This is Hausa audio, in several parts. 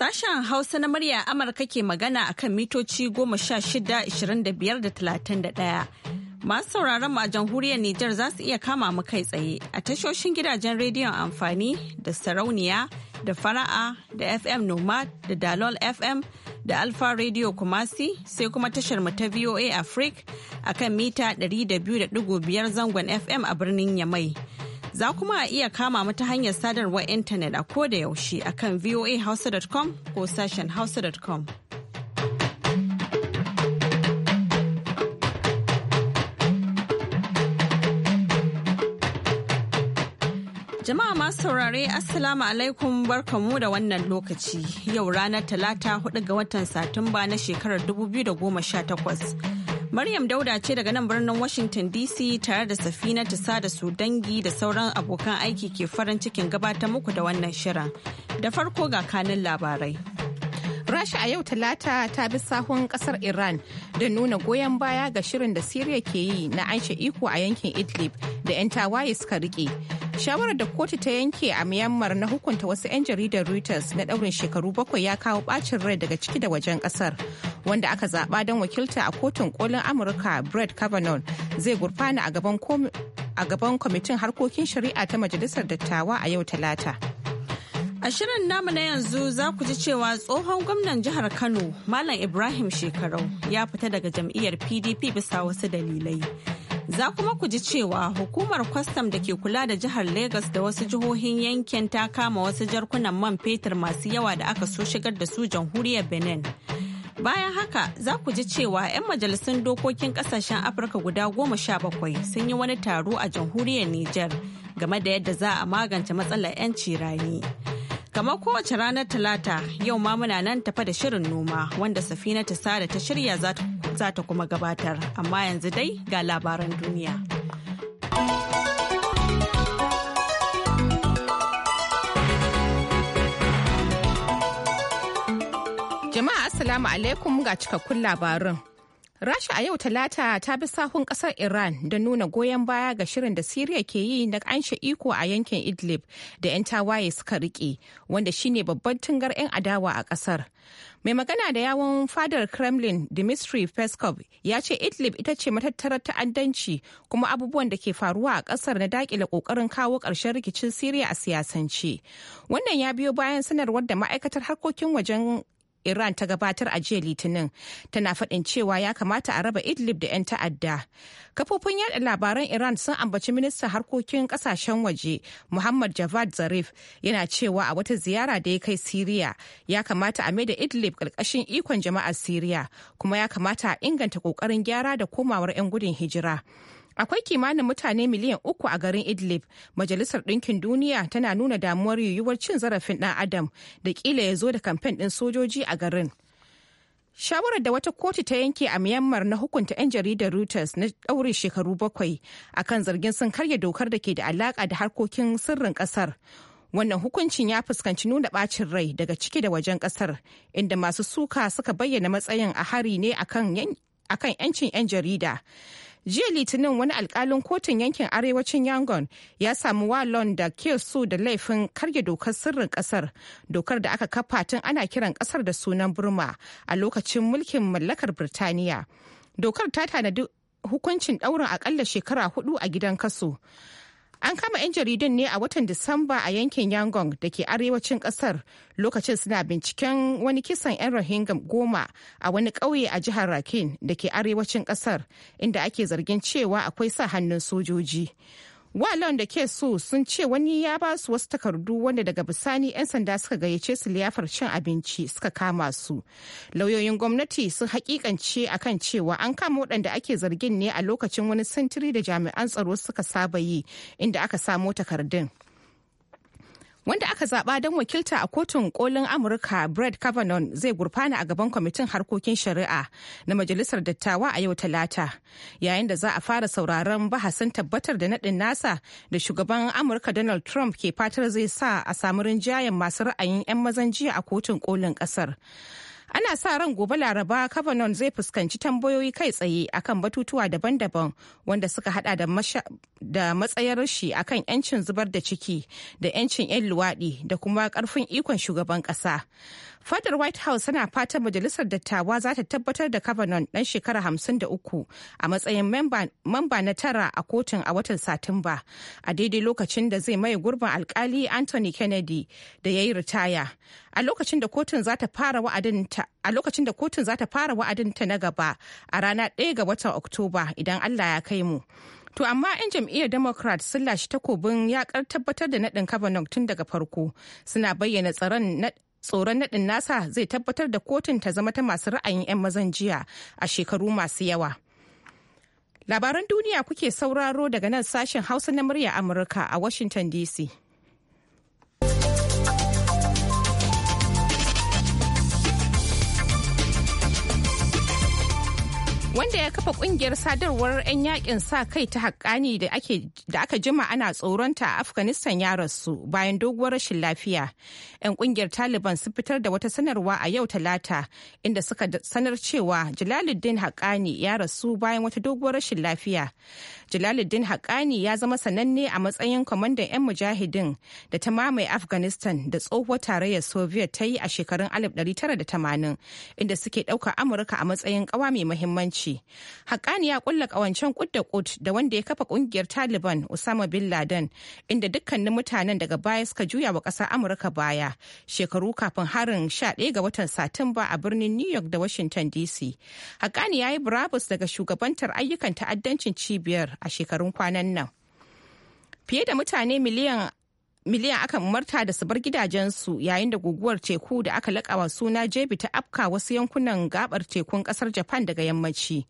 Sashen Hausa na murya Amurka ke magana a kan mitoci goma sha shida, ishirin da biyar da talatin Masu sauraron mu a jamhuriyar Nijar za su iya kama mu kai tsaye a tashoshin gidajen rediyon amfani da sarauniya da fara'a da FM Nomad da Dalol FM da Alfa Radio Kumasi sai kuma tashar mu ta VOA Africa a kan mita 200.5 zangon FM a birnin Yamai. Za kuma a iya kama mu ta hanyar sadarwar intanet a ko da yaushe akan voahausa.com ko sashen hausa.com. Jama'a masu saurare Assalamu alaikum barkamu da wannan lokaci yau ranar talata 4 ga watan Satumba na shekarar 2018. Maryam Dauda ce daga nan birnin Washington DC tare da safina ta da su dangi da sauran abokan aiki ke farin cikin gabatar muku da wannan shirin. Da farko ga kanin labarai. Rasha a yau talata ta bi sahun kasar Iran da nuna goyon baya ga shirin da Siriya ke yi na aisha iko a yankin Idlib da 'yan tawaye suka rike shawarar da kotu ta yanke a myanmar na hukunta wasu 'yan jaridar reuters na daurin shekaru bakwai ya kawo bacin rai daga ciki da wajen kasar wanda aka zaba don wakilta a kotun kolin amurka brett kavanaugh zai gurfana a gaban kwamitin harkokin shari'a ta majalisar dattawa a yau talata a shirin namu na yanzu za ku ji cewa tsohon gwamnan jihar kano malam ibrahim shekarau ya fita daga jam'iyyar pdp bisa wasu dalilai Za kuma ku ji cewa hukumar kwastam da ke kula da jihar Legas da wasu jihohin yankin ta kama wasu jarkunan man fetur masu yawa da aka so shigar da su jamhuriyar Benin. Bayan haka za ku ji cewa 'yan majalisun dokokin kasashen Afirka guda goma sha bakwai sun yi wani taro a jamhuriyar Nijar game da yadda za a magance matsalar 'yanci rani. Kamar kowace ranar Talata yau ma muna nan tafa da shirin noma wanda safina ta sada ta shirya za ta za ta kuma gabatar amma yanzu dai ga labaran duniya. Jama'a Assalamu alaikum ga cikakkun labarin. Rasha a yau Talata ta bi sahun kasar Iran da nuna goyon baya ga shirin da Siriya ke yi na anshe iko a yankin Idlib da 'yan tawaye suka rike, wanda shine babban tungar 'yan adawa a kasar. Mai magana da yawon fadar Kremlin Dmitry Peskov ya ce Idlib ita ce matattarar ta'addanci kuma abubuwan da ke faruwa a kasar na dakile kokarin kawo ƙarshen rikicin Siriya a siyasance. Wannan ya biyo bayan sanarwar da ma'aikatar harkokin wajen Iran ta gabatar a jiya Litinin tana faɗin cewa ya kamata a raba Idlib da 'yan ta'adda. Kafofin yaɗa labaran Iran sun ambaci ministan harkokin kasashen waje Muhammad Javad Zarif yana cewa a wata ziyara da ya kai Siriya ya kamata a maida Idlib ƙarƙashin ikon jama'ar Siriya kuma ya kamata a inganta ƙoƙarin gyara da komawar 'yan gudun hijira. Akwai kimanin mutane miliyan uku a garin Idlib. Majalisar Ɗinkin Duniya tana nuna damuwar yiwuwar cin zarafin ɗan Adam da ƙila ya zo da kamfen ɗin sojoji a garin. Shawarar da wata kotu ta yanke a Myanmar na hukunta 'yan jaridar Reuters na ɗaure shekaru bakwai akan zargin sun karya dokar da ke da alaƙa da harkokin sirrin ƙasar. Wannan hukuncin ya fuskanci nuna ɓacin rai daga ciki da wajen ƙasar, inda masu suka suka bayyana matsayin a hari ne akan 'yancin 'yan jarida. jiya litinin wani alkalin kotun yankin arewacin yangon ya samu walon da ke su da laifin karya dokar sirrin kasar dokar da aka kafa tun ana kiran kasar da sunan burma a lokacin mulkin mallakar birtaniya dokar ta tanadi hukuncin daurin akalla shekara hudu a gidan kaso An kama 'yan jaridun ne a watan Disamba a yankin Yangon da ke arewacin kasar lokacin suna binciken wani kisan 'yan Rohingya goma a wani ƙauye a jihar rakin da ke arewacin kasar inda ake zargin cewa akwai sa hannun sojoji. Walon da ke so sun ce wani ya ba su wasu takardu wanda daga bisani 'yan sanda suka gayyace su liyafar cin abinci suka kama su. Lauyoyin gwamnati sun hakikance kan cewa an kama waɗanda ake zargin ne a lokacin wani sintiri da jami'an tsaro suka saba yi inda aka samo takardun. wanda aka zaba don wakilta a kotun kolin amurka brett kavanaugh zai gurfana a gaban kwamitin harkokin shari'a na majalisar dattawa a yau talata yayin da za a fara sauraron bahasin tabbatar da nadin nasa da shugaban amurka donald trump ke fatar zai sa a samu rinjayen masu ra'ayin 'yan mazan jiya a kotun kolin kasar ana sa ran gobe laraba kavanaugh zai fuskanci tambayoyi kai tsaye akan batutuwa daban-daban wanda suka hada da matsayar shi akan yancin zubar da ciki da yancin 'yan luwaɗi da kuma karfin ikon shugaban ƙasa Fadar White House tana fatan majalisar dattawa za ta tabbatar da Kavanaugh dan shekara hamsin da uku a matsayin mamba na tara a kotun a watan Satumba a daidai lokacin da zai maye gurbin alkali Anthony Kennedy da ya yi ritaya. A lokacin da kotun za ta fara ta na gaba a rana 1 ga watan Oktoba idan Allah ya kai mu. To amma 'yan jam'iyyar Democrat sun lashe takobin yakar tabbatar da naɗin Kavanaugh tun daga farko suna bayyana tsaron tsoron naɗin nasa zai tabbatar da kotun ta zama ta masu ra'ayin 'yan mazan jiya a shekaru masu yawa labaran duniya kuke sauraro daga nan sashen hausa na murya amurka a washington dc wanda ya kafa kungiyar sadarwar 'yan yakin sa kai ta haƙƙani da aka jima ana tsoronta a afghanistan ya rasu bayan doguwar rashin lafiya 'yan kungiyar taliban sun fitar da wata sanarwa a yau talata inda suka sanar cewa jalaluddin haƙƙani ya rasu bayan wata doguwar rashin lafiya jalaluddin haƙani ya zama sananne a matsayin kwamandan 'yan mujahidin da ta mamaye afghanistan da tsohuwar tarayyar soviet ta yi a shekarun 1980 inda suke ɗauka amurka a matsayin ƙawa mai muhimmanci haƙani ya ƙulla ƙawancen kud da kut da wanda ya kafa ƙungiyar taliban usama bin laden inda dukkanin mutanen daga baya suka juya wa ƙasar amurka baya shekaru kafin harin 11 ga watan satumba a birnin new york da washington dc haƙani ya yi brabus daga shugabantar ayyukan ta'addancin cibiyar a shekarun kwanan nan. Fiye da mutane miliyan miliyan aka umarta da su bar gidajensu yayin da guguwar teku da aka lakawa suna jebi ta afka wasu yankunan gabar tekun kasar japan daga yammaci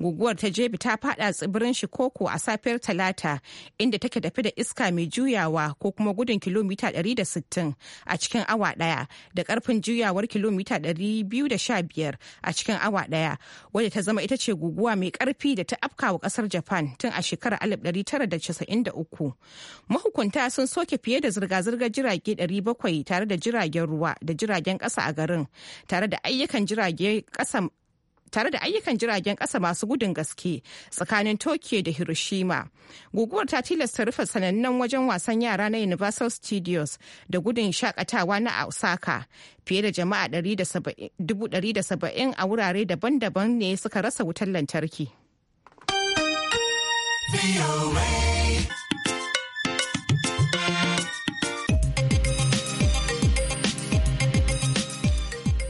guguwar ta jebi ta fada tsibirin shikoko a safiyar talata inda take tafi da iska mai juyawa ko kuma gudun kilomita 160 a cikin awa daya da karfin juyawar kilomita 215 a cikin awa daya wadda ta zama ita ce guguwa mai karfi da ta afka wa kasar japan tun a shekarar 1993 mahukunta sun soke fiye fiye da zirga-zirgar jirage 700 tare da jiragen ruwa da jiragen kasa a garin tare da ayyukan jirage kasa tare da ayyukan jiragen kasa masu gudun gaske tsakanin tokyo da hiroshima guguwar ta tilasta rufe sanannen wajen wasan yara na universal studios da gudun shakatawa na osaka fiye da jama'a 170 a wurare daban-daban ne suka rasa wutar lantarki.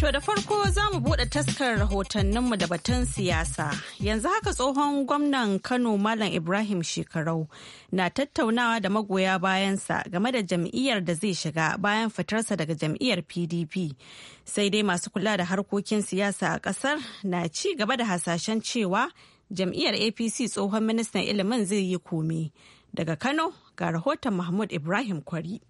To da farko za mu buɗe taskar rahotanninmu da batun siyasa. Yanzu haka tsohon gwamnan Kano Malam Ibrahim Shekarau na tattaunawa da magoya bayansa game da jam'iyyar da zai shiga bayan fitarsa daga jam'iyyar PDP. Sai dai masu kula da harkokin siyasa a ƙasar na ci gaba da hasashen cewa jam'iyyar APC tsohon ministan ilimin zai yi komi Daga Kano ga rahoton Mahmud Ibrahim Kwari.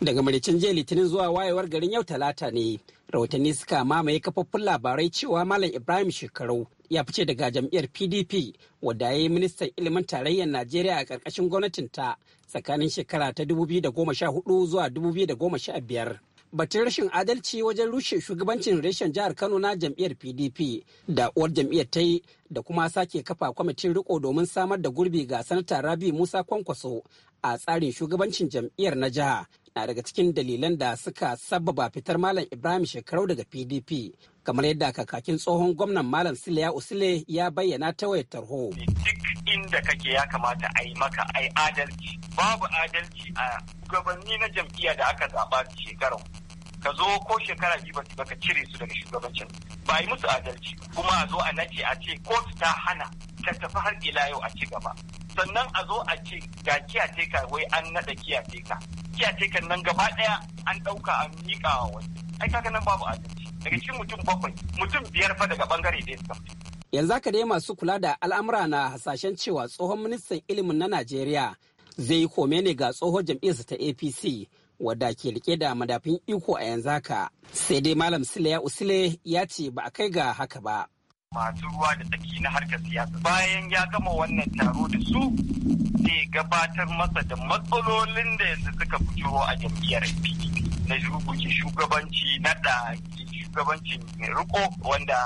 Daga maricin jiya litinin zuwa wayewar garin yau talata ne, rahotanni suka mamaye kafofin labarai cewa Malam Ibrahim shekaru ya fice daga jam'iyyar PDP wadda ya yi ministan ilimin tarayyar Najeriya a ƙarƙashin gwamnatinta tsakanin shekara ta 2014 zuwa 2015. Batun rashin adalci wajen rushe shugabancin reshen jihar Kano na jam'iyyar PDP da uwar jam'iyyar ta yi da kuma sake kafa kwamitin riko domin samar da gurbi ga sanata Rabi Musa Kwankwaso a tsarin shugabancin jam'iyyar na jiha na daga cikin dalilan da suka sababa fitar Malam Ibrahim Shekarau daga PDP kamar yadda kakakin tsohon gwamnan Malam Sile Usile ya bayyana ta wayar tarho. Duk inda kake ya kamata a yi maka ai adalci babu adalci a gabanni na jam'iyya da aka zaba shekarau ka zo ko shekara biyu ba ba ka cire su daga shugabancin ba yi musu adalci kuma a zo a nace a ce kotu ta hana ta tafi har ila yau a ci gaba sannan a zo a ce ga kiyateka wai an naɗa kiyateka teka nan gaba ɗaya an ɗauka an miƙa wa wani ai kaga nan babu adalci daga cikin mutum bakwai mutum biyar fa daga bangare ɗaya suka yanzu aka dai masu kula da al'amura na hasashen cewa tsohon ministan ilimin na najeriya zai yi kome ne ga tsohon jam'iyyarsa ta apc wadda ke rike da madafin iko a yanzu haka sai dai malam sile ya usile ya ce ba a kai ga haka ba masu ruwa da tsaki na harka siyasa bayan ya gama wannan taro da su ne gabatar masa da matsalolin da yanzu suka fito a jam'iyyar pdp na shugabanci na da shugabancin riko wanda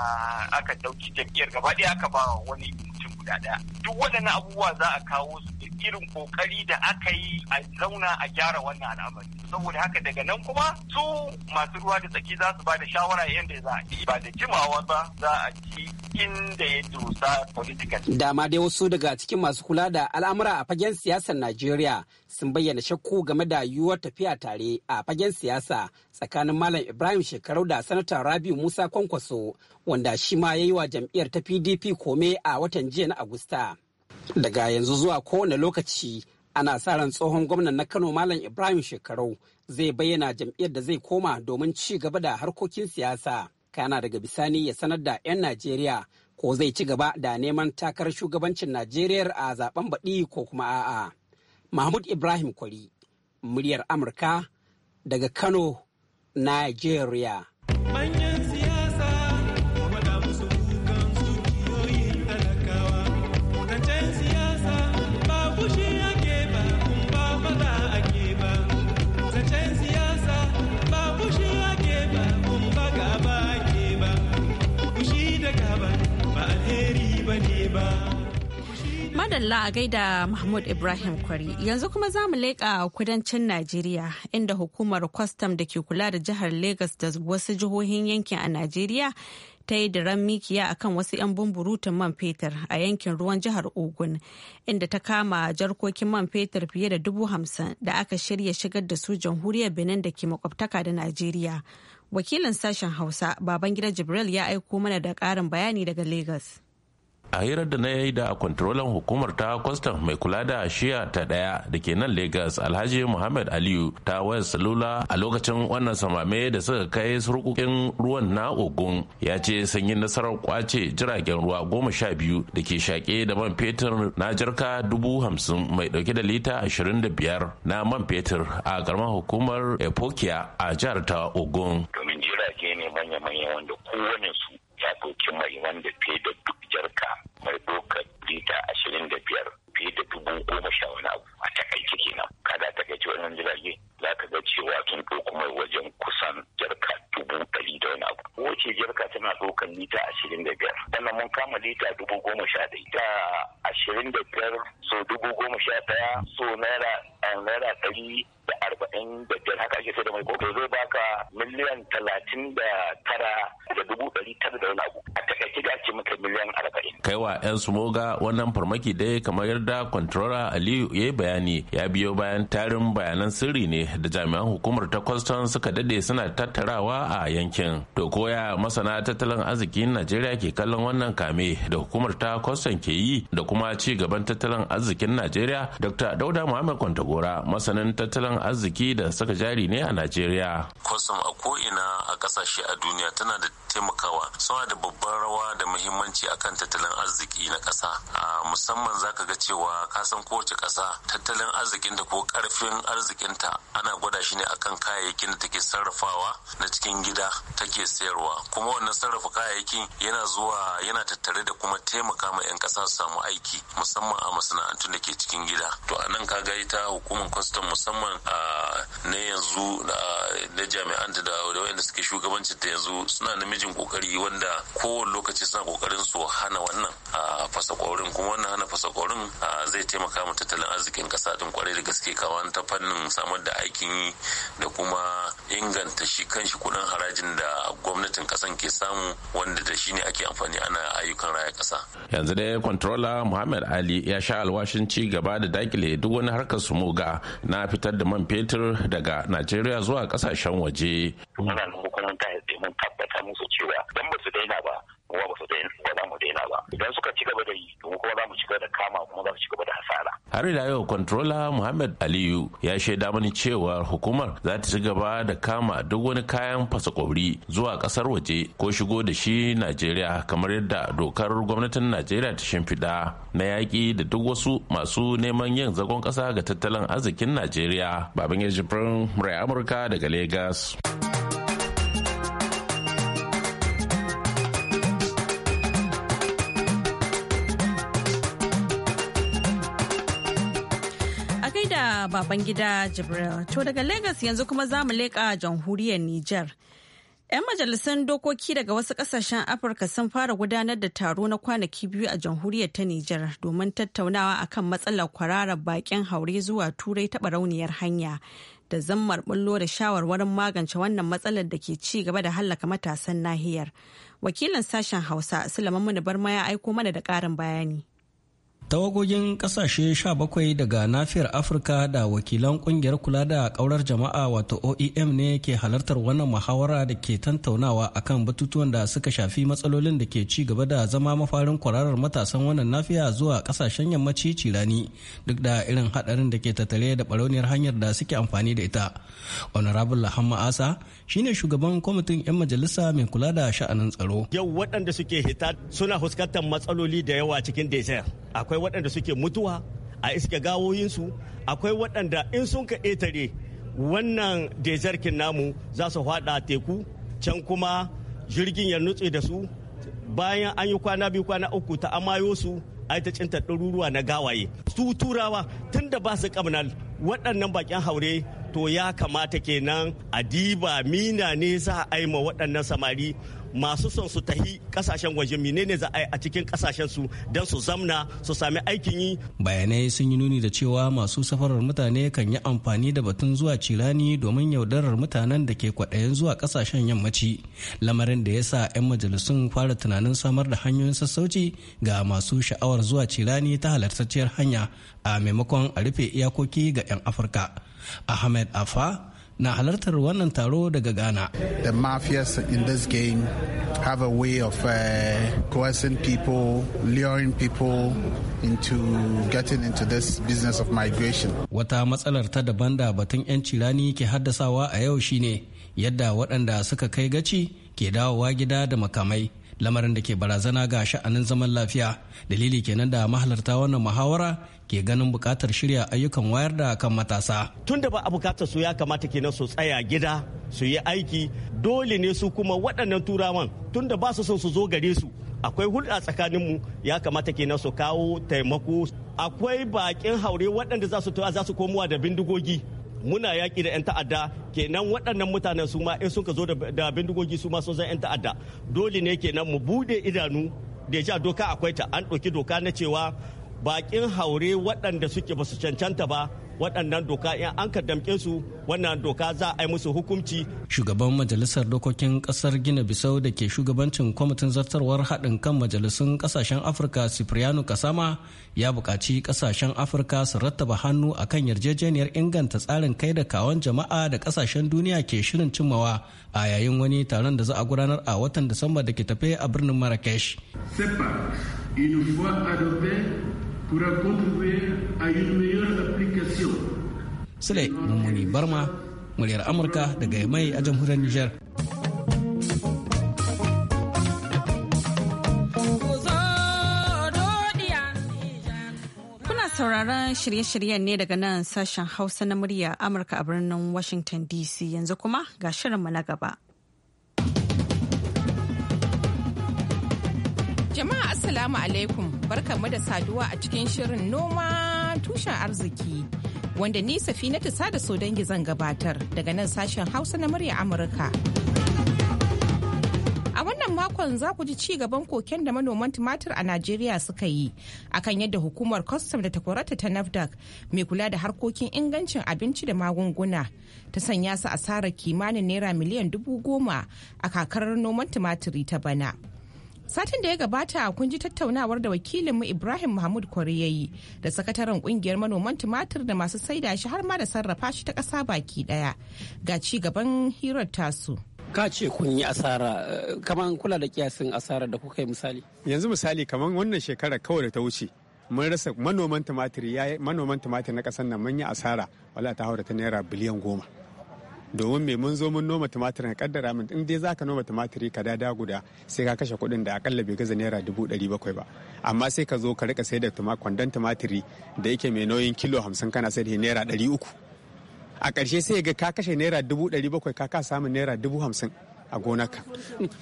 aka dauki jam'iyyar gaba ɗaya aka ba wani mutum guda ɗaya duk waɗannan abubuwa za a kawo su da irin kokari da aka yi a zauna a gyara wannan al'amari saboda haka daga nan kuma su masu ruwa da tsaki za su ba da shawara yadda za a yi ba da jimawa ba za a ci inda ya dosa politika dama dai wasu daga cikin masu kula da al'amura a fagen siyasar Najeriya sun bayyana shakku game da yiwuwar tafiya tare a fagen siyasa tsakanin Malam Ibrahim Shekarau da Sanata Rabiu Musa Kwankwaso wanda shi ma ya yi wa jam'iyyar ta PDP kome a watan jiya na Agusta. Daga yanzu zuwa kowane lokaci ana sa ran tsohon gwamnan na Kano Malam Ibrahim Shekarau zai bayyana jam'iyyar da zai koma domin ci gaba da harkokin siyasa. Kana daga bisani ya sanar da 'yan Najeriya ko zai ci gaba da neman takarar shugabancin Najeriya a zaben baɗi ko kuma a'a. Mahmud Ibrahim Kwari, muryar Amurka daga Kano, Najeriya. Madalla a gaida Mahmud Ibrahim Kwari yanzu kuma za mu leƙa kudancin Najeriya inda hukumar kwastam da ke kula da jihar Legas da wasu jihohin yankin a Najeriya ta yi diran mikiya a kan wasu 'yan bumburutun man fetur a yankin ruwan jihar Ogun inda ta kama jarkokin man fetur fiye da dubu hamsin da aka shirya shigar da su jamhuriyar Benin da ke makwabtaka da Najeriya. Wakilin sashen Hausa baban gida Jibril ya aiko mana da karin bayani daga Legas. a hirar da na yi da kwantarolan hukumar ta kwastam mai kula da shiya ta daya da ke nan lagos alhaji muhammad aliyu ta waya salula a lokacin wannan samame da suka kai surukukin ruwan na ogun ya ce sun yi nasarar kwace jiragen ruwa goma sha biyu da ke shaƙe da man fetur na jirka dubu hamsin mai ɗauke da lita ashirin da biyar na man fetur a garman hukumar epokiya a jihar ta ogun domin jirage ne manya-manya wanda kowane su ya ɗauki mai wanda fiye da duk jarka mai ɗaukar lita ashirin da biyar fiye da dubu goma sha wani abu a takaice kenan kada ta takaice wannan jirage za ka ga cewa tun ɗauko mai wajen kusan jarka dubu kali da wani abu wace jirka tana ɗaukar mita ashirin da biyar sannan mun kama lita dubu goma sha ɗaya da ashirin da biyar so dubu goma sha ɗaya so naira eh, naira ɗari da arba'in da biyar haka ake sai da mai kofi zai baka miliyan talatin da tara da dubu ɗari tara da wani abu a takaice da ake maka miliyan arba'in. kaiwa yan sumoga wannan farmaki dai kamar yadda kwantarola aliyu ya yi bayani ya biyo bayan tarin bayanan sirri ne da jami'an hukumar ta kwastan suka dade suna tattarawa a yankin to koya masana tattalin arzikin najeriya ke kallon wannan kame da hukumar ta kwastan ke yi da kuma ci gaban tattalin arzikin najeriya dr dauda muhammad kwantagora masanin tattalin arziki da saka jari ne a najeriya kwastam a ko'ina a kasashe a duniya tana da taimakawa suna da babbar rawa da muhimmanci akan tattalin arziki na kasa a musamman zaka ga cewa kasan kowace kasa tattalin arzikin da ko karfin arzikinta ana gwada shi ne akan kayayyakin da take sarrafawa na cikin gida take sayarwa kuma wannan sarrafa kayayyakin yana zuwa yana tattare da kuma taimaka ma 'yan kasa su samu aiki musamman a masana'antun da ke cikin gida to a nan kaga ita hukumar kwastam musamman a na yanzu na jami'an da wanda suke shugabancin da yanzu suna namijin kokari wanda kowane lokaci suna kokarin su hana wannan a fasa kwarin kuma wannan hana fasa kwarin zai taimaka ma tattalin arzikin kasa din kwarai da gaske kawai ta fannin samar da aikin yi da kuma inganta shi kanshi kudin harajin da gwamnatin kasan ke samu wanda da shi ne ake amfani ana ayyukan raya kasa yanzu dai kwantarola muhammad ali ya sha alwashin ci gaba da dakile duk wani harkar sumuga na fitar da man fetur daga nigeria zuwa kasashen waje muna nan hukumar mun tabbata musu cewa dan ba su daina ba kuma ba su da ba za mu daina ba idan suka ci gaba da yi kuma za mu ci gaba da kama kuma za su ci gaba da hasara har ila yau controller muhammad aliyu ya shaida mani cewa hukumar za ta ci gaba da kama duk wani kayan fasa zuwa kasar waje ko shigo da shi najeriya kamar yadda dokar gwamnatin najeriya ta shimfiɗa na yaƙi da duk wasu masu neman yin zagon ƙasa ga tattalin arzikin najeriya baban yajibirin murai amurka daga lagos gaida baban Jibril. To daga Legas yanzu kuma za mu leƙa jamhuriyar Nijar. 'Yan majalisan dokoki daga wasu ƙasashen Afirka sun fara gudanar da taro na kwanaki biyu a jamhuriyar ta Nijar domin tattaunawa a kan matsalar kwararar bakin haure zuwa turai ta barauniyar hanya da zammar bullo da shawarwarin magance wannan matsalar da ke ci gaba da hallaka matasan nahiyar. Wakilin sashen Hausa Sulaiman Muni Barma ya aiko mana da ƙarin bayani. tawagogin kasashe 17 daga nafiyar afirka da wakilan kungiyar kula da kaurar jama'a wato oem ne ke halartar wannan muhawara da ke tantaunawa akan batutuwan da suka shafi matsalolin da ke ci gaba da zama mafarin kwararar matasan wannan nafiya zuwa kasashen yammaci cirani duk da irin hadarin da ke tattare da barauniyar hanyar da suke amfani da ita honorable lahamma asa shine shugaban kwamitin 'yan majalisa mai kula da sha'anin tsaro yau waɗanda suke hita suna fuskantar matsaloli da yawa cikin desert akwai waɗanda suke mutuwa a iske gawoyinsu akwai waɗanda in sun ka etare wannan dezarkin namu za su hada teku can kuma jirgin ya nutse da su bayan an yi kwana biyu kwana uku ta amayo su aita ta cinta ɗaruruwa na gawaye su turawa tun da ba su kamnal waɗannan bakin haure to ya kamata kenan a diba mina ne za a aima waɗannan samari masu son su tahi kasashen waje menene za a yi a cikin kasashen su don su zamna su sami aikin yi bayanai sun yi nuni da cewa masu safarar mutane kan yi amfani da batun zuwa cirani domin yaudarar mutanen da ke kwaɗayin zuwa kasashen yammaci lamarin da ya sa 'yan majalisun fara tunanin samar da hanyoyin sassauci ga masu sha'awar zuwa cirani ta halartacciyar hanya a maimakon a rufe iyakoki ga 'yan afirka ahmed afa na halartar wannan taro daga Ghana. The mafias in this game have a way of uh, coercing people, luring people into getting into this business of migration. Wata matsalar ta daban da batun 'yanci rani ke haddasawa a yau shine yadda waɗanda suka kai gaci ke dawowa gida da makamai. lamarin da ke barazana ga sha'anin zaman lafiya dalili kenan da mahalarta wannan muhawara ke ganin bukatar shirya ayyukan wayar da kan matasa Tunda ba a bukatar su ya kamata kenan su tsaya gida su yi aiki dole ne su kuma waɗannan turawan tunda da ba su son su zo gare su akwai hulɗa tsakaninmu ya kamata kenan su kawo taimako akwai bakin haure waɗanda za su za su komowa da bindigogi muna yaƙi da 'yan ta'adda kenan waɗannan mutanen su ma in suka zo da bindigogi su ma sun zan 'yan ta'adda dole ne kenan mu bude idanu da ja doka akwai ta an ɗauki doka na cewa baƙin haure waɗanda suke ba su cancanta ba waɗannan doka in an ka su wannan doka za a yi musu hukunci. Shugaban Majalisar Dokokin Ƙasar Gina Bisau da ke shugabancin kwamitin zartarwar haɗin kan majalisun ƙasashen Afirka Cipriano Kasama ya buƙaci ƙasashen Afirka su rattaba hannu a kan yarjejeniyar inganta tsarin kai da kawon jama'a da ƙasashen duniya ke shirin cimmawa a yayin wani taron da za a gudanar a watan Disamba da ke tafe a birnin Marrakesh. pourra contribuer à une meilleure application. Sule Mummuni Barma, muryar Amurka daga mai a jamhuriyar Nijar. Kuna sauraron shirye-shiryen ne daga nan sashen Hausa na murya Amurka a birnin Washington DC yanzu kuma ga shirinmu na gaba. Jama'a Assalamu alaikum barkamu da saduwa a cikin shirin noma tushen arziki wanda ni safina ta sada so dangi zan gabatar daga nan sashen hausa na murya Amurka. A wannan makon za ku ji ci gaban koken da manoman tumatir a Najeriya suka yi akan yadda hukumar kwastam da takwarata ta NAFDAC mai kula da harkokin ingancin abinci da magunguna ta sanya su asarar kimanin naira miliyan dubu goma a kakar noman tumatiri ta bana. Satin da ya gabata kun ji tattaunawar da wakilinmu Ibrahim Mahmud Kwari ya yi da sakataren kungiyar manoman tumatir da masu saida shi har ma da sarrafa shi ta kasa baki ɗaya. Ga ci gaban hirar tasu. Ka ce kun yi asara, kaman kula da kiyasin asara da kuka yi misali. Yanzu misali kamar wannan shekara kawai da ta wuce mun rasa manoman tumatir manoman tumatir na ƙasar nan mun yi asara wala ta haura ta naira biliyan goma. domin me mun zo mun noma tumatir ka kaddara min in dai zaka noma tumatiri ka dada guda sai ka kashe kuɗin da akalla bai gaza naira dubu ɗari bakwai ba amma sai ka zo ka rika sai da kwandon tumatiri da yake mai nauyin kilo hamsin kana sai da naira ɗari uku a ƙarshe sai ga ka kashe naira dubu ɗari bakwai ka ka samun naira dubu hamsin a gonaka.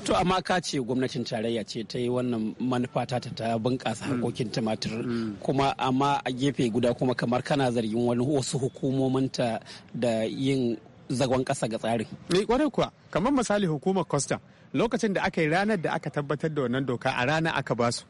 To amma ka ce gwamnatin tarayya ce ta yi wannan manufa ta ta bunƙasa hmm. harkokin tumatir hmm. kuma amma a gefe guda kuma kamar kana zargin wani wasu ta da yin zagon ƙasa ga tsari. Me kwarai kuwa kamar misali hukumar Costa lokacin da aka yi ranar da aka tabbatar da wannan doka a rana aka ba su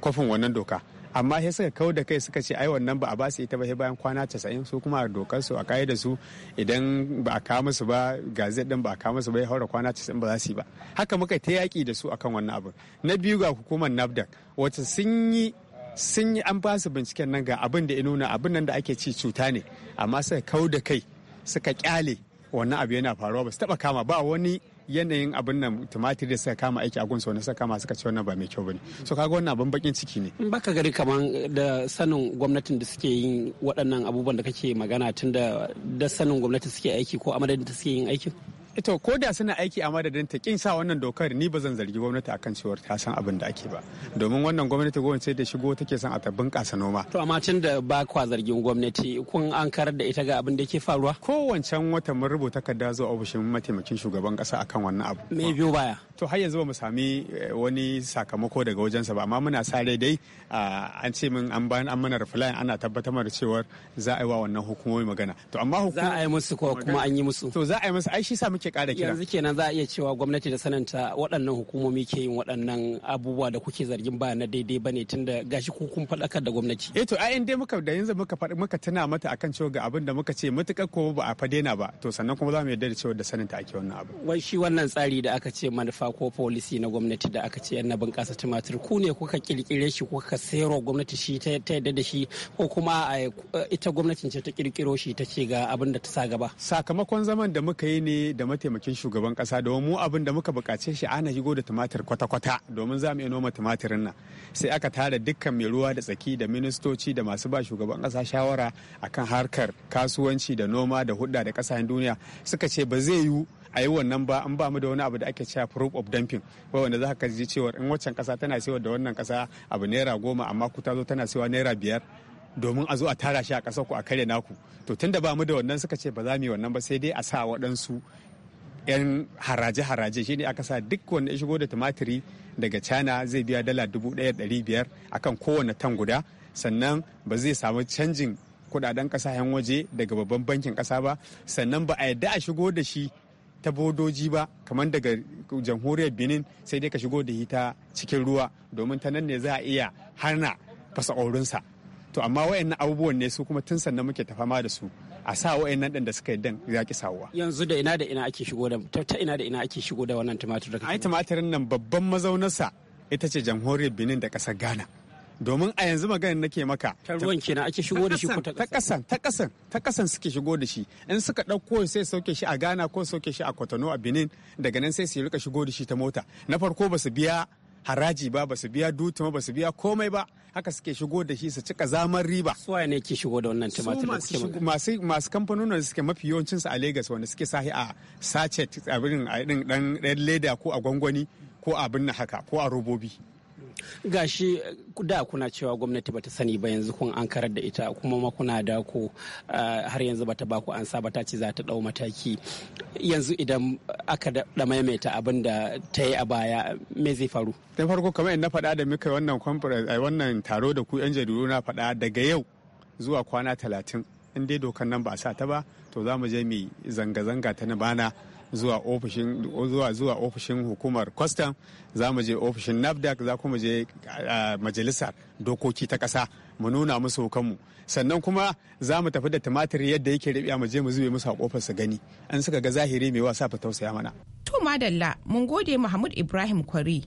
kofin wannan doka amma sai suka kawo da kai suka ce ai wannan ba a ba su ita ba bayan kwana casa'in su kuma a dokar su a ka'ida su idan ba a kawo musu ba gazet din ba a kawo musu ba ya haura kwana casa'in ba za su yi ba haka muka ta yaki da su akan wannan abu na biyu ga hukumar nafdac wacce sun yi sun yi an ba su binciken nan ga abin da ya nuna abin nan da ake ci cuta ne amma sai kawo da kai suka kyale wannan abu yana faruwa ba su taba kama ba wani yanayin abin nan tumatir da suka kama aiki a gunsa wani suka kama suka ce wannan ba mai kyau bane so kaga wannan abin bakin ciki ne in baka gari kaman da sanin gwamnatin da suke yin waɗannan abubuwan da kake magana tun da sanin gwamnati suke aiki ko a madadin ta suke yin aikin ito ko da suna aiki a madadin ta kin sa wannan dokar ni ba zan zargi gwamnati akan cewar ta san abin da ake ba domin wannan gwamnati gwamnati da shigo take son a ta bunƙasa noma to amma tun da ba kwa zargin gwamnati kun an karar da ita ga abin da ke faruwa kowancan wata mun rubuta takarda zuwa ofishin mataimakin shugaban kasa akan wannan abu me biyo baya to har yanzu ba mu sami eh, wani sakamako daga wajensa ba amma muna sa rai dai an ce min an bayan an mana rufulayin ana tabbatar da cewar za a yi wa wannan hukumomi magana to amma za a yi musu ko kuma an yi musu to za a yi musu ai shi sa muke kuke kara kira yanzu kenan za a iya cewa gwamnati da sananta waɗannan hukumomi ke yin waɗannan abubuwa da kuke zargin ba na daidai bane tunda gashi ku kun faɗakar da gwamnati eh to ai dai muka da yanzu muka faɗi muka tana mata akan cewa ga abin da muka ce mutukar ko ba a fadena ba to sannan kuma za mu yarda da cewa da sananta ake wannan abu wai shi wannan tsari da aka ce manufa ko policy na gwamnati da aka ce yana bunƙasa tumatir ku ne kuka kirkire shi kuka sayarwa gwamnati shi ta yarda da shi ko kuma ita gwamnatin ce ta kirkiro shi ta ce ga abin da ta sa gaba sakamakon zaman da muka yi ne da mataimakin shugaban kasa domin mu abin da muka bukace shi ana shigo da tumatir kwata-kwata domin za mu iya noma tumatirin nan sai aka tara dukkan mai ruwa da tsaki da ministoci da masu ba shugaban kasa shawara akan harkar kasuwanci da noma da hudda da kasashen duniya suka ce ba zai yiwu a yi wannan ba an ba mu da wani abu da ake cewa proof of dumping wai wanda za ka ji cewa in waccan kasa tana saiwa da wannan kasa abu naira goma amma ku ta zo tana saiwa naira biyar domin a zo a tara shi a kasa ku a kare naku to tunda ba mu da wannan suka ce ba za mu yi wannan ba sai dai a sa waɗansu 'yan haraje-haraje shi ne aka sa duk wanda ya shigo da tumatiri daga china zai biya dala dubu ɗaya ɗari biyar akan kowane tan guda sannan ba zai samu canjin kudaden yan waje daga babban bankin ƙasa ba sannan ba a yadda a shigo da shi ta bodoji ba kamar daga jamhuriyar benin sai dai ka shigo da ita cikin ruwa domin ta nan ne za a iya hana fasa to amma wayannan abubuwan ne su kuma tun sannan muke tafama da su a sa wa'annan ɗin da suka yi dan ya ki sawuwa. Yanzu da ina da ina ake shigo da ta ina da ina ake shigo da wannan tumatir da Ai tumatirin nan babban mazaunarsa ita ce jamhuriyar Benin da ƙasar Ghana. Domin a yanzu maganin nake maka. Ta ruwan kenan ake shigo da shi ko ta ƙasan? Ta ƙasan, ta ƙasan suke shigo da shi. In suka dauko sai sauke shi a Ghana ko sauke shi a Cotonou a Benin daga nan sai su rika shigo da shi ta mota. Na farko ba su biya haraji ba ba su biya dutuma ba su biya komai ba haka suke shigo da shi su cika zaman riba su waye ne ke shigo da wannan tumatir da kuke masu masu kamfanonin da suke mafi yawancin su a Lagos wanda suke sahi a sachet abin a din dan leda ko a gwangwani ko a na haka ko a robobi gashi da kuna cewa gwamnati bata sani ba yanzu kun an karar da ita kuma ma kuna da ku har yanzu bata baku an saba ta ce za ta dau mataki yanzu idan aka da maimaita abin da ta yi a baya me zai faru da farko kamar in na fada da muka wannan conference ai wannan taro da ku yan jaridu na faɗa daga yau zuwa kwana talatin in dai dokar nan ba a sa ta ba to za mu je mu zanga-zanga ta na bana zuwa ofishin hukumar kwastam za mu je ofishin nafdac za kuma je majalisar dokoki ta ƙasa mu nuna musu kanmu sannan kuma za mu tafi da tumatir yadda yake rabiya mu je mu zube musu a kofar su gani an suka ga zahiri mai wasa fa tausaya mana to madalla mun gode mahmud ibrahim kwari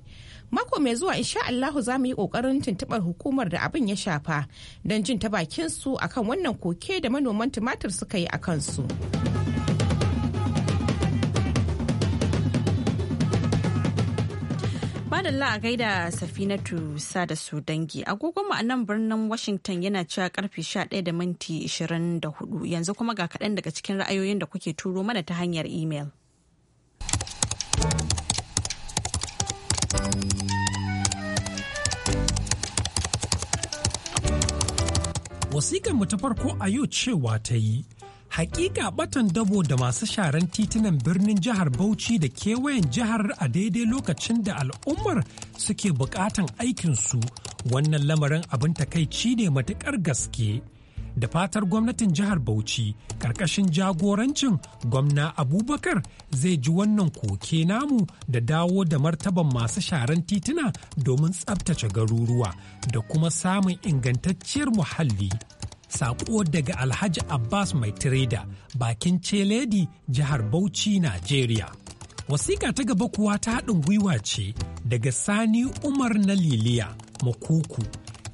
mako mai zuwa insha Allahu za mu yi ƙoƙarin tuntubar hukumar da abin ya shafa don jin ta bakin su akan wannan koke da manoman tumatir suka yi a kansu. Madalla a gaida Safinatu da su dangi agogonmu a nan birnin Washington yana cewa karfe 11 da minti 24 yanzu kuma ga kaɗan daga cikin ra'ayoyin da kuke turo mana ta hanyar imel. wasikar mu ta farko a yau cewa ta yi Hakika batan dabo da masu sharan titunan birnin jihar Bauchi da kewayen jihar a daidai lokacin da al'ummar suke bukatan aikinsu wannan lamarin abin takaici ne matukar gaske. da fatar gwamnatin jihar Bauchi karkashin jagorancin gwamna Abubakar zai ji wannan koke namu da dawo da martaban masu sharan tituna domin tsabtace garuruwa da kuma samun ingantacciyar muhalli. Saƙo daga Alhaji Abbas Mai Tireda bakin Celedi jihar Bauchi, Najeriya. Wasiƙa ta gaba kuwa ta haɗin gwiwa ce daga Sani Umar na Liliya Makuku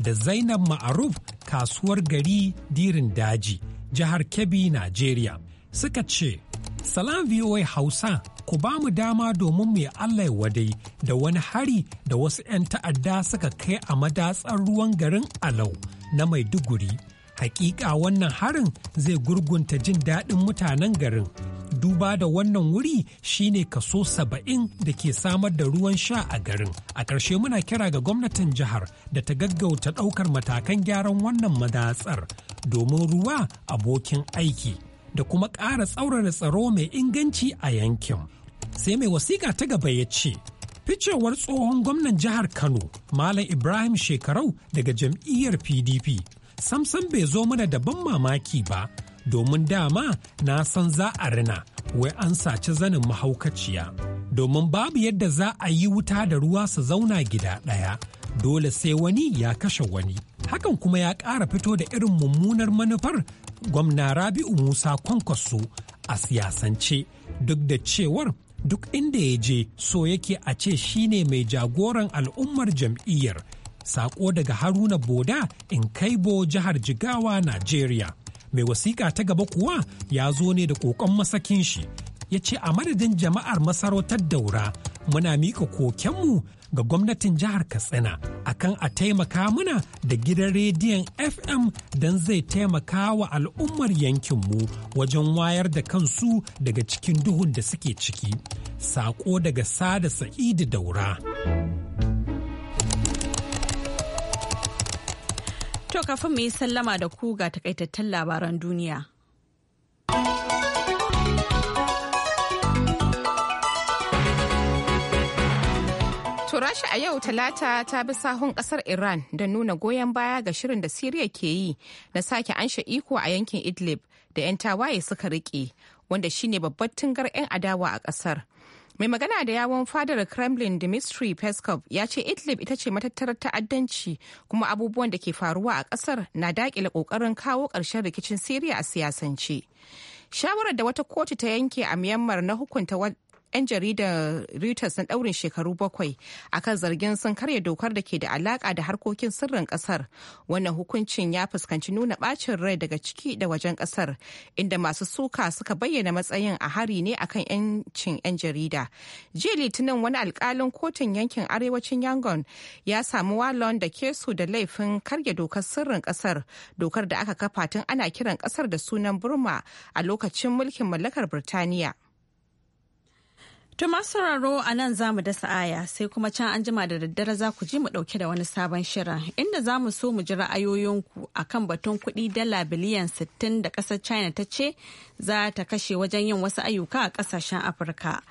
da Zainab Ma'aruf kasuwar gari Dirin Daji, jihar Kebbi, Najeriya. Suka ce, Salam VOA Hausa ku ba mu dama domin mu Allah wadai da wani hari da wasu 'yan ta'adda suka kai a madatsar ruwan garin Alau na Maiduguri Hakika wannan harin zai gurgunta jin daɗin mutanen garin. Duba da wannan wuri shine kaso saba'in da ke samar da ruwan sha a garin. A ƙarshe muna kira ga gwamnatin jihar da ta gaggauta ɗaukar matakan gyaran wannan madatsar domin ruwa abokin aiki da kuma ƙara tsaurara tsaro mai inganci a yankin. Sai mai wasiƙa ta gaba ya ce, ficewar tsohon gwamnan jihar Kano, Malam Ibrahim Shekarau daga jam'iyyar PDP samsam bai zo mana da ban mamaki ba domin dama na san za a rina wai an saci zanin mahaukaciya domin babu yadda za a yi wuta da ruwa su zauna gida ɗaya dole sai wani ya kashe wani hakan kuma ya ƙara fito da irin mummunar manufar gwamna rabi'u musa kwankwaso a siyasance duk da cewar duk inda ya je so yake a ce shine mai jagoran al'ummar jam'iyyar Saƙo daga Haruna Boda in Kaibo jihar Jigawa, Najeriya. Mai wasiƙa ta gaba kuwa ya zo ne da ƙoƙon masakin shi. Ya ce a madadin jama'ar masarautar daura muna miƙa kokenmu ga gwamnatin jihar Katsina akan a taimaka muna da gidan rediyon FM don zai taimaka wa al'ummar yankinmu wajen wayar da kansu daga cikin duhun da suke ciki. Sako daga Sada Sa'idu Daura. To kafin mu yi sallama da ku ga takaitattun labaran duniya. turashi a yau talata ta bi sahun kasar Iran da nuna goyon baya ga shirin da Siriya ke yi na sake anshe iko a yankin Idlib da 'yan tawaye suka rike wanda shine babbar tungar 'yan adawa a kasar mai magana da yawon fadar kremlin dmitry peskov ya ce idlib ita ce matattarar ta'addanci kuma abubuwan da ke faruwa a kasar na dakile kokarin kawo ƙarshen rikicin siriya a siyasance shawarar da wata kotu ta yanke a myanmar na hukunta 'yan jaridar Reuters sun ɗaurin shekaru bakwai akan zargin sun karya dokar da ke da alaƙa da harkokin sirrin ƙasar. Wannan hukuncin ya fuskanci nuna ɓacin rai daga ciki da wajen ƙasar, inda masu suka suka bayyana matsayin a hari ne akan 'yancin 'yan jarida. Jiya Litinin wani alkalin kotun yankin arewacin Yangon ya samu Wallon da Kesu da laifin karya dokar sirrin ƙasar, dokar da aka kafa tun ana kiran ƙasar da sunan Burma a lokacin mulkin mallakar Birtaniya. To masu sauraro a nan za mu dasa aya sai kuma can an jima da daddare za ku ji mu ɗauke da wani sabon shirin inda za mu so mu ji ra'ayoyinku a kan batun kuɗi dala biliyan 60 da ƙasar China ta ce za ta kashe wajen yin wasu ayyuka a ƙasashen Afirka.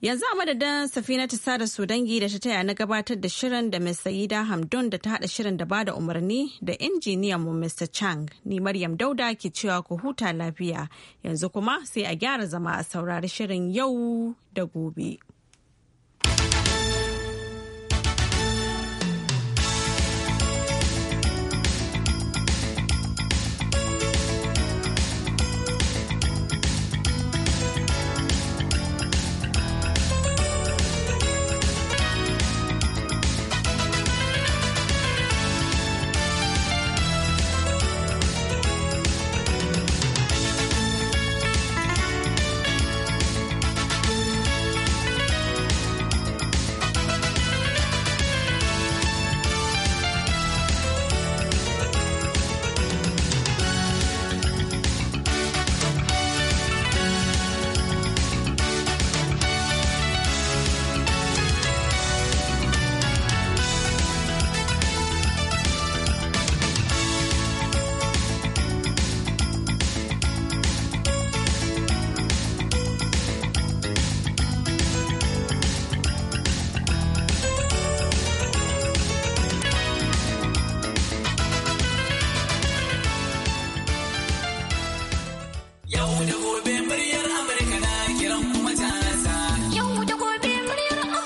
Yanzu a madadin Safina ta sada su dangi da ta taya na gabatar da shirin da Mr. Ida Hamdun da ta haɗa shirin da bada umarni da injiniyan mu Mr. Chang. Ni Maryam Dauda ke cewa ku huta lafiya. Yanzu kuma sai a gyara zama a saurari shirin yau da gobe.